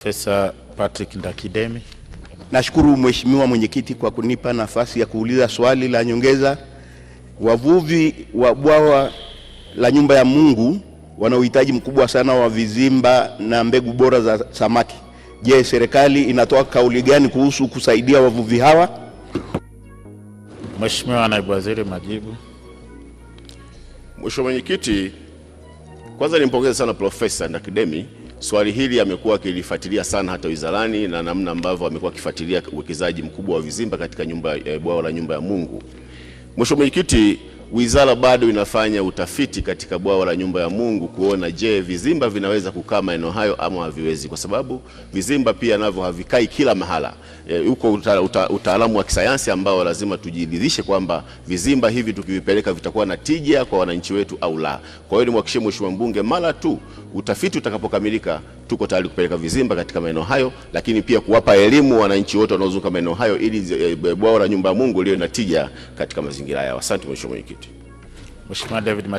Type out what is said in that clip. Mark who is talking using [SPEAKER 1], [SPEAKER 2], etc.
[SPEAKER 1] Profesa Patrick Ndakidemi.
[SPEAKER 2] Nashukuru Mheshimiwa Mwenyekiti kwa kunipa nafasi ya kuuliza swali la nyongeza. Wavuvi wa bwawa la Nyumba ya Mungu wana uhitaji mkubwa sana wa vizimba na mbegu bora za samaki. Je, serikali inatoa kauli gani kuhusu kusaidia wavuvi hawa?
[SPEAKER 1] Mheshimiwa Naibu Waziri, majibu.
[SPEAKER 3] Mheshimiwa Mwenyekiti, kwanza nimpongeze sana Profesa Ndakidemi Swali hili amekuwa akilifuatilia sana hata wizarani na namna ambavyo amekuwa akifuatilia uwekezaji mkubwa wa vizimba katika nyumba e, bwawa la nyumba ya Mungu. Mheshimiwa Mwenyekiti, Wizara bado inafanya utafiti katika bwawa la nyumba ya Mungu kuona je, vizimba vinaweza kukaa maeneo hayo ama haviwezi, kwa sababu vizimba pia navyo havikai kila mahala. Huko e, uta, uta, utaalamu wa kisayansi ambao lazima tujiridhishe kwamba vizimba hivi tukivipeleka vitakuwa na tija kwa wananchi wetu au la. Kwa hiyo nimwakishie Mheshimiwa mbunge mara tu utafiti utakapokamilika tuko tayari kupeleka vizimba katika maeneo hayo, lakini pia kuwapa elimu wananchi wote wanaozunguka maeneo hayo ili eh, bwawa la nyumba ya Mungu liwe na tija katika mazingira yao. Asante Mheshimiwa Mwenyekiti. Mheshimiwa David Mate.